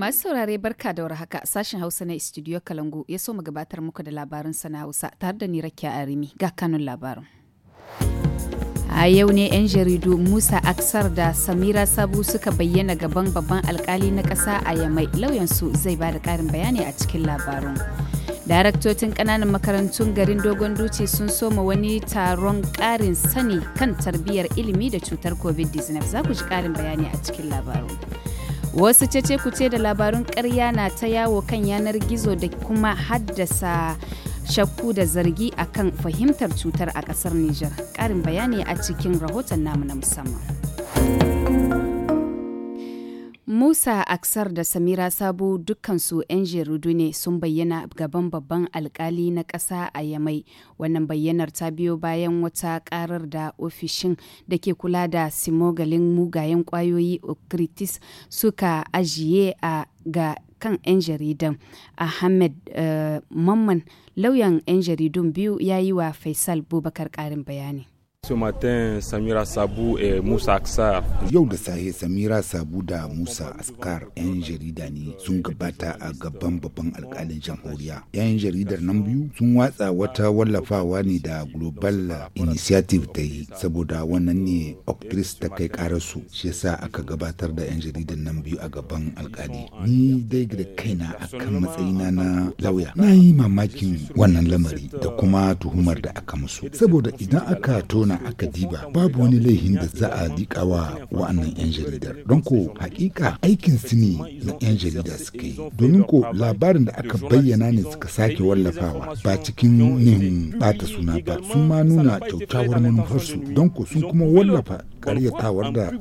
Masu saurare barka da warhaka sashen Hausa na Studio Kalangu ya so mu gabatar muku da labarin sana Hausa tare da ni Arimi ga kanun labarin. A yau ne 'yan jaridu Musa Aksar da Samira Sabu suka bayyana gaban babban alkali na ƙasa a Yamai lauyansu zai ba da ƙarin bayani a cikin labarin. daraktocin kananan makarantun garin dogon duce sun soma wani taron karin sani kan tarbiyyar ilimi da cutar covid-19 za ku ji karin bayani a cikin labarin wasu cece kuce da labarun karya na ta yawo kan yanar gizo da kuma haddasa shakku da zargi a kan fahimtar cutar a kasar niger karin bayani a cikin rahoton namu na musamman Musa Aksar da Samira Sabo dukkansu 'yan jaridu ne sun bayyana gaban babban alkali na ƙasa a Yamai. Wannan bayyanar ta biyo bayan wata ƙarar da ofishin da ke kula da simogalin mugayen ƙwayoyi Okritis suka ajiye a ga kan 'yan jaridan Ahmed eh, Mamman lauyan 'yan jaridun biyu ya yi wa Faisal Bubakar ƙarin bayani. Samira Sabu et Musa Aksar. Yau da sahe Samira Sabu da Musa Askar 'yan jarida ne sun gabata a gaban babban alkalin jamhuriya. 'Yan jaridar nan biyu sun watsa wata wallafawa ne da Global Initiative ta yi saboda wannan ne oktris ta kai karasu shi yasa aka gabatar da 'yan jaridar nan biyu a gaban alkali. Ni dai da kaina akan matsayina na lauya. Na yi mamakin wannan lamari da kuma tuhumar da aka musu saboda idan aka tona zauna aka diba babu wani laihin da za a liƙa wa wa'annan 'yan jaridar don ko hakika aikin su ne na 'yan jarida suka yi domin ko labarin da aka bayyana ne suka sake wallafawa ba cikin nin bata suna ba sun ma nuna kyautawar manufarsu don ko sun kuma wallafa karyatawar da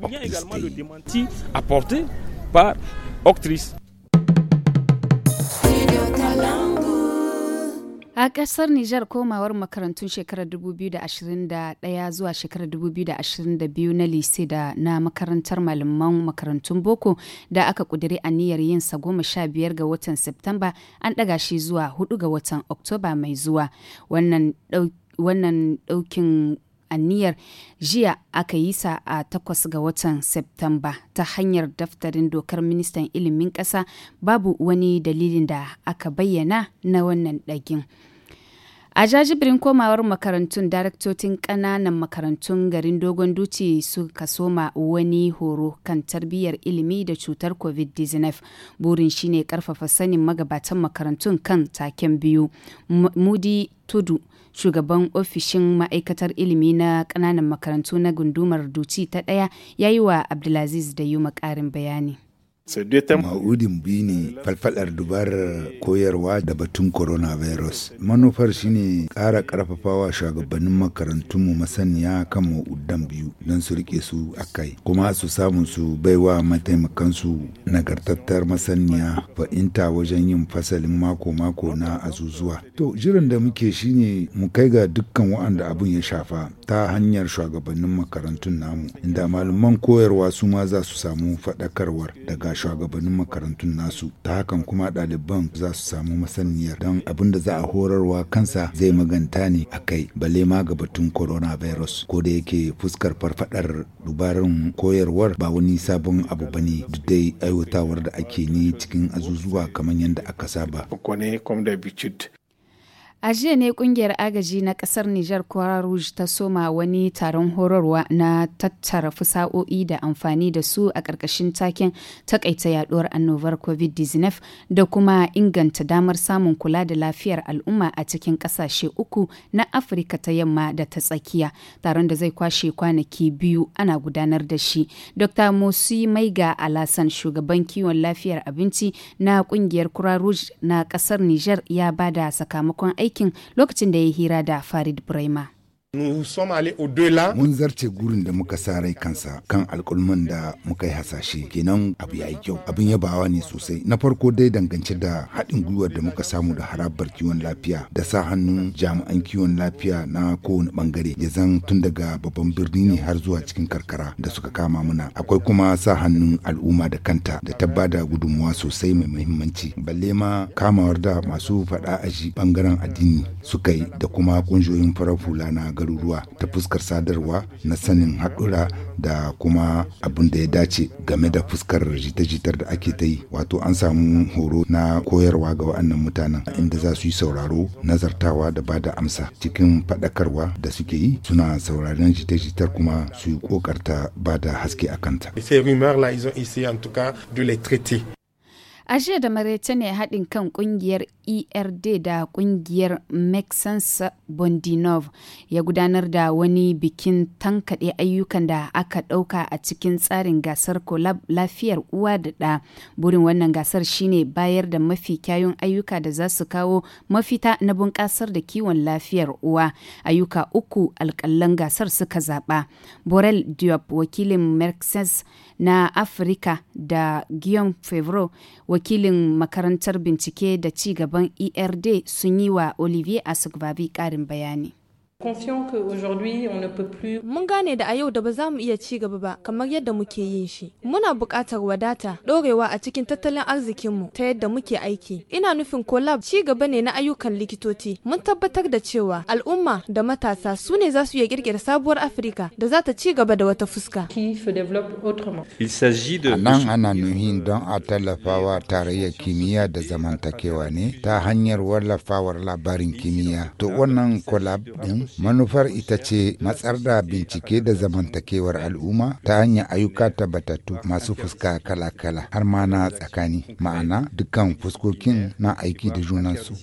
Octis A ƙasar Nijar komawar makarantun shekarar 2021 zuwa shekarar 2022 na lise da na makarantar malaman makarantun boko da aka ƙudiri aniyar yin sa goma sha biyar ga watan Septamba an ɗaga shi zuwa hudu ga watan Oktoba mai zuwa. Wannan ɗaukin aniyar jiya aka yi sa a takwas ga watan Septamba ta hanyar daftarin dokar ministan ilimin ƙasa babu wani dalilin da aka bayyana na wannan ɗagin. A jajibirin komawar makarantun daraktocin ƙananan makarantun garin Dogon Duci suka soma wani horo kan tarbiyyar ilimi da cutar COVID-19. Burin shine karfafa sanin magabatan makarantun kan taken biyu. Mudi Tudu, shugaban ofishin ma'aikatar ilimi na ƙananan makarantu na gundumar Duci ta ɗaya, ya yi wa Abdulaziz da yi ƙarin bayani. Ma'udin biyu ne falfalar dubar koyarwa da batun coronavirus. Manufar shi ne ƙara ƙarfafawa shugabannin makarantunmu masaniya kan ma'udan biyu don su rike su a kai, kuma su samu su baiwa mataimakansu nagartattar masaniya fa'inta wajen yin fasalin mako-mako na azuzuwa. To, jiran da muke ne mu kai ga dukkan wa'anda abun ya shafa ta hanyar shugabannin makarantun namu, inda malaman koyarwa su ma za su samu faɗakarwar daga shugabannin makarantun nasu ta hakan kuma ɗaliban za su samu masaniyar don abin da za a horarwa kansa zai maganta ne a kai balle ma ga batun coronavirus ko da yake fuskar farfadar dubarin koyarwar ba wani sabon abu ba ne duk dai aiwatawar da ake ne cikin azuzuwa kamar yadda aka saba. A jiya ne kungiyar agaji na kasar Nijar Kwara Rouge ta soma wani taron horarwa na tattara fusa'o'i da amfani da su a ƙarƙashin taken takaita yaduwar annobar COVID-19 da kuma inganta damar samun kula da lafiyar al'umma a cikin ƙasashe uku na Afirka ta yamma da ta tsakiya. Taron da zai kwashe kwanaki biyu ana gudanar da shi. Dr. Musi Maiga Alasan shugaban kiwon lafiyar abinci na kungiyar Kwara Rouge na ƙasar Nijar ya bada sakamakon aiki aikin lokacin da ya hira da Farid Braima. Mun zarce gurin da muka sa rai kansa kan alƙulman da muka yi hasashe kenan abu ya yi kyau abin ya bawa ne sosai na farko dai dangance da haɗin gwiwar da muka samu da harabar kiwon lafiya da sa hannun jami'an kiwon lafiya na kowane bangare. ya zan tun daga babban birni ne har zuwa cikin karkara da suka kama muna akwai kuma sa hannun al'umma da kanta da ta bada gudunmuwa sosai mai muhimmanci balle ma kamawar da masu faɗa aji ɓangaren addini suka yi da kuma ƙungiyoyin farar hula na garuruwa ta fuskar sadarwa na sanin haɗura da kuma abin da ya dace game da fuskar jita-jitar da ake ta yi wato an samu horo na koyarwa ga waɗannan mutanen inda za su yi sauraro nazartawa da ba da amsa cikin faɗakarwa da suke yi suna sauraron jita-jitar kuma su yi ƙoƙarta ba da haske a kanta. A jiya da maraice ne haɗin kan ƙungiyar erd da kungiyar maxence bondinov ya gudanar da wani bikin tankaɗe ayyukan da aka ɗauka a cikin tsarin gasar kolab lafiyar uwa da ɗa burin wannan gasar shine bayar da mafi kyayun ayyuka da za su kawo mafita na bunƙasar da kiwon lafiyar uwa ayyuka uku alƙalan gasar suka zaɓa borel diop wakilin maxence na afirka da guillaume fevro wakilin makarantar bincike da ci gaban shugaban erd sun yi wa olivier asogbavi karin bayani Mun gane da a yau da ba za mu iya ci gaba ba kamar yadda muke yin shi. Muna buƙatar wadata, dorewa a cikin tattalin arzikinmu ta yadda muke aiki. Ina nufin collab ci gaba ne na ayyukan likitoci. Mun tabbatar da cewa al'umma da matasa su ne za su iya ƙirƙira sabuwar Afirka da za ta ci gaba da wata fuska. A nan ana nuhin don a tallafawa tarayyar kimiyya da zamantakewa ne ta hanyar wallafawar labarin kimiyya. To wannan collab ɗin manufar ita ce matsar da bincike da zamantakewar al'umma ta hanyar ayyuka tabbatattu masu fuska kala-kala har ma na tsakani ma'ana dukkan fuskokin na aiki da junansu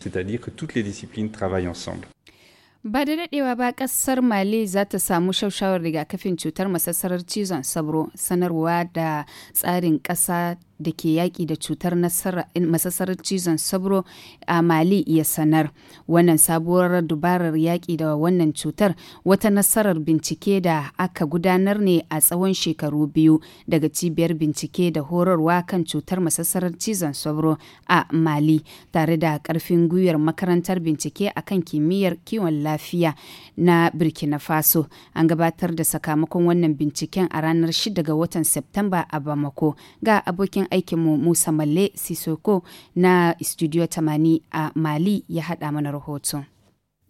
ba da dadewa ba kasar mali za ta samu shaushawar rigakafin cutar masassarar cizon sabro sanarwa da tsarin ƙasa da ke yaƙi da cutar masassarar cizon sabro a mali ya sanar wannan sabuwar dubarar yaƙi da wannan cutar wata nasarar bincike da aka gudanar ne a tsawon shekaru biyu daga cibiyar bincike da horarwa kan cutar masassarar cizon sabro a mali tare da ƙarfin gwiwar makarantar bincike a kan kimiyyar kiwon lafiya na burkina faso an gabatar da sakamakon wannan binciken a ranar 6 ga watan septemba a bamako ga abokin abokin aikinmu Musa Malle Sisoko na Studio 80 a Mali ya haɗa mana rahoton.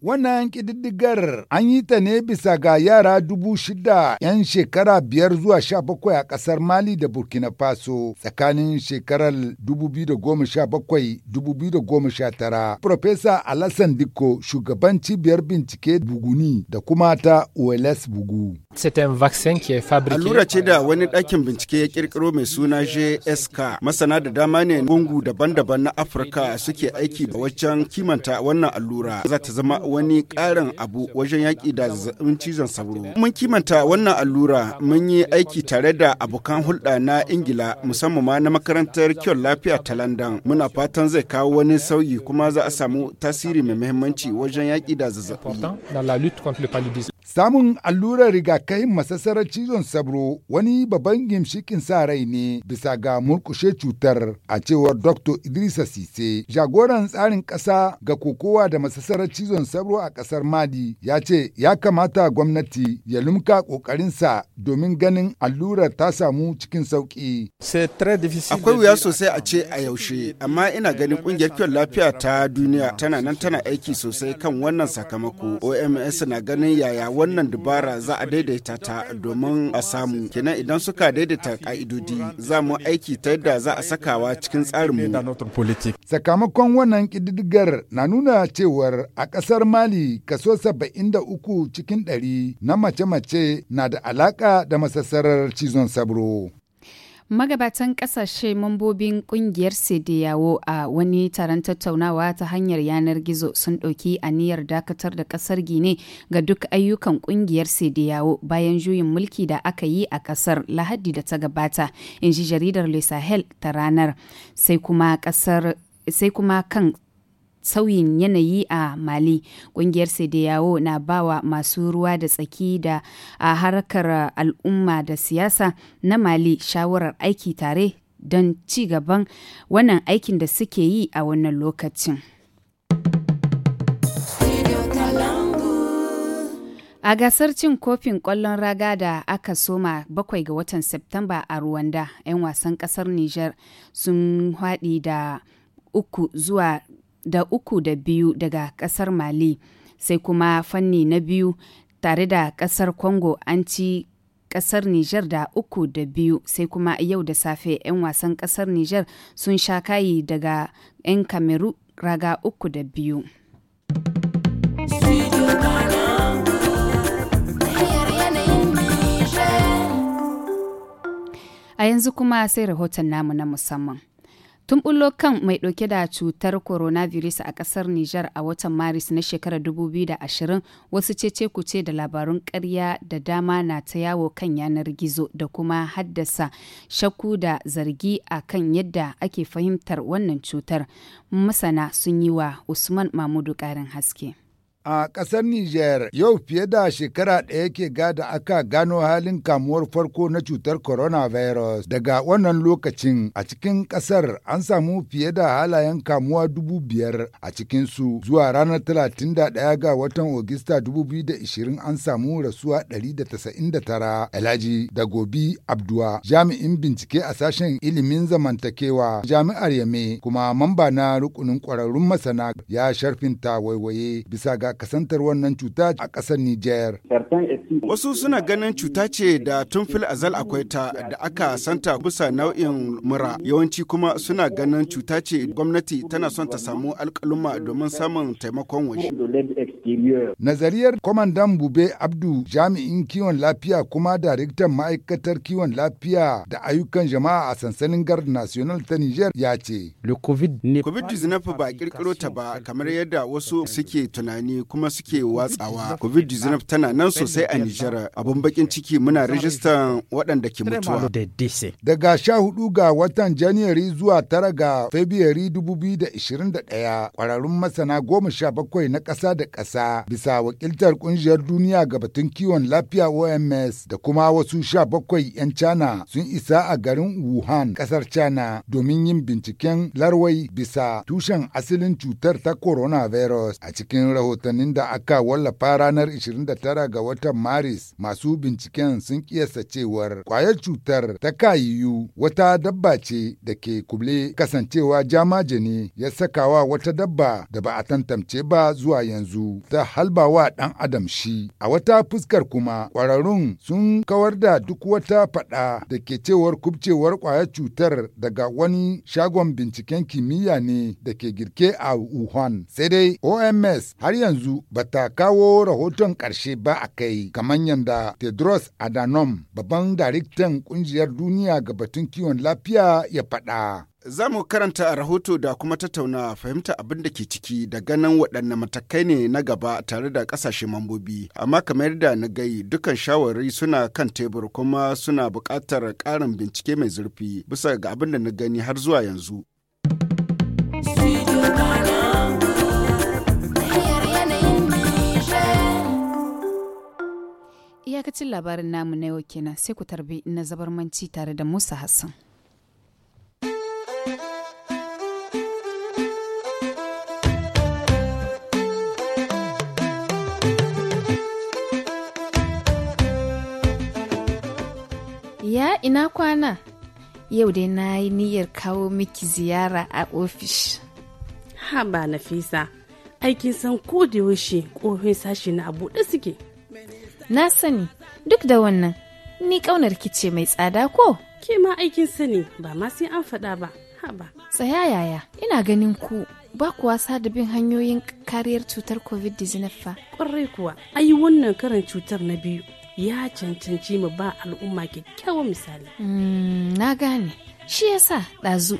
Wannan ƙididdigar an yi ta ne bisa ga yara dubu shida 'yan shekara biyar zuwa sha bakwai a ƙasar Mali da Burkina Faso tsakanin shekarar dubu dubu biyu biyu da da goma goma sha tara Profesa Alassan Dikko shugaban cibiyar bincike Buguni da kuma ta OLS Bugu. Allura ce da wani ɗakin bincike ya ƙirƙiro mai suna JSK. Masana da dama ne gungu daban-daban na Afirka suke aiki da wajen kimanta wannan allura. Za ta zama wani ƙarin abu wajen yaƙi da zazzabin cizon sauro. Mun kimanta wannan allura mun yi aiki tare da abokan hulɗa na Ingila musamman ma na makarantar kyon lafiya ta London. Muna fatan zai kawo wani sauyi kuma za a samu tasiri mai muhimmanci wajen yaƙi da zazzabin. Samun allurar rigakafin masasarar cizon sabro wani babban gimshikin sa rai ne bisa ga murkushe cutar a cewar Dr. Idrisa Sise. Jagoran tsarin ƙasa ga kokowa da masasarar cizon sabro a ƙasar Mali ya ce ya kamata gwamnati ya lumka ƙoƙarinsa domin ganin allurar ta samu cikin sauƙi. Akwai wuya sosai a ce a yaushe, amma ina ganin ƙungiyar kiwon lafiya ta duniya tana nan tana aiki sosai kan wannan sakamako. OMS na ganin yaya wannan dubara za a daidaita ta domin a samu kenan idan suka daidaita ka'idodi za mu aiki ta yadda za a sakawa cikin tsarinmu. Sakamakon wannan ƙididdigar na nuna cewar a ƙasar Mali kaso uku cikin 100 na mace-mace na da alaƙa da masassarar cizon sabro. magabatan kasashe mambobin kungiyar yawo a wani taron tattaunawa ta hanyar yanar gizo sun ɗauki aniyar dakatar da ƙasar gine ga duk ayyukan kungiyar yawo bayan juyin mulki da aka yi a ƙasar lahadi da ta gabata in ji jaridar le sahel ta ranar sai kuma sai kuma kan sauyin yanayi a Mali. Ƙungiyar Sedeyawo na bawa masu ruwa da tsaki da a harkar al'umma da siyasa na Mali shawarar aiki tare don ci gaban wannan aikin da suke yi a wannan lokacin. A gasar cin kofin kwallon raga da aka soma bakwai ga watan Septemba a Rwanda, 'yan wasan kasar Nijar sun haɗi da uku zuwa da uku da biyu daga kasar Mali, sai kuma fanni na biyu tare da kasar Congo an ci kasar niger da uku da biyu sai kuma yau da safe 'yan wasan kasar niger sun sha kayi daga 'yan Kameru raga uku da biyu. A yanzu kuma sai rahoton namu na musamman. Tun bullo kan mai ɗauke da cutar coronavirus a ƙasar Nijar a watan Maris na shekarar 2020 wasu cece kuce da labarun karya da dama na ta yawo kan yanar gizo da kuma haddasa shakku da zargi a kan yadda ake fahimtar wannan cutar. Masana sun yi wa Usman Mamudu ƙarin haske. a ƙasar Nijar yau fiye da shekara ɗaya ke gada aka gano halin kamuwar farko na cutar coronavirus. Daga wannan lokacin a cikin ƙasar an samu fiye da halayen kamuwa dubu biyar a cikin su. zuwa ranar talatin da ɗaya ga watan Ogista ishirin an samu rasuwa ɗari tara Alhaji da Gobi Abdua jami'in bincike a sashen ilimin zamantakewa jami'ar Yame kuma mamba na rukunin ƙwararrun masana ya sharfinta waiwaye bisa ga kasantar wannan cuta a ƙasar Nijar. Wasu suna ganin cuta ce da tun fil azal akwai ta da aka santa bisa nau'in mura yawanci kuma suna ganin cuta ce gwamnati tana son ta samu alƙaluma domin samun taimakon waje. Nazariyar kwamandan Bube Abdu jami'in kiwon lafiya kuma daraktan ma'aikatar kiwon lafiya da ayyukan jama'a a sansanin gar national ta Nijar ya ce. COVID-19 ba kirkiro ta ba kamar yadda wasu suke tunani kuma suke watsawa covid-19 tana nan sosai a nijar abun bakin ciki muna rijistan waɗanda ke mutuwa daga sha hudu ga watan january zuwa tara ga february 2021 kwararrun masana goma sha bakwai na ƙasa da ƙasa bisa wakiltar ƙungiyar duniya ga batun kiwon lafiya oms da kuma wasu sha bakwai 'yan cana sun isa a garin wuhan ƙasar cana domin yin binciken larwai bisa tushen asalin cutar ta coronavirus a cikin rahoton rahotannin da aka wallafa ranar 29 ga watan Maris masu binciken sun kiyasta cewar kwayar cutar ta kayiyu wata dabba ce da ke kuble kasancewa jamaje ne ya sakawa wata dabba da ba a tantance ba zuwa yanzu ta halbawa dan adam shi. A wata fuskar kuma kwararrun sun kawar da duk wata faɗa da ke cewar kubcewar kwayar cutar daga wani shagon binciken kimiyya ne da ke girke a Wuhan. Sai dai OMS har yanzu yanzu ba ta kawo rahoton ƙarshe ba a kai kamar yadda Tedros Adhanom babban daraktan ƙungiyar duniya ga batun kiwon lafiya ya faɗa. Za mu karanta rahoto da kuma tattauna fahimta abin da ke ciki da ganin waɗanne matakai ne na gaba tare da ƙasashe mambobi. Amma kamar da na gai dukan shawarwari suna kan tebur kuma suna buƙatar ƙarin bincike mai zurfi bisa ga abin da na gani har zuwa yanzu. Iyakacin labarin namu na yau kenan sai ku tarbi na zabarmanci tare da Musa Hassan. Ya ina kwana? Yau dai na yi niyyar kawo miki ziyara a ofish. Ha ba Nafisa, aikin san ko da yaushe ƙofin sashi na abu da suke. na sani duk da wannan ni kaunar kice mai tsada ko ke ma aikin sani ba ma sai an faɗa ba haba tsaya yaya ina ganin ku ba kuwa da bin hanyoyin kariyar cutar covid-19 fa ƙwarai kuwa ayi wannan karin cutar na biyu ya cancanci mu ba al'umma kyakkyawan misali hmm, na gane shi yasa ɗazu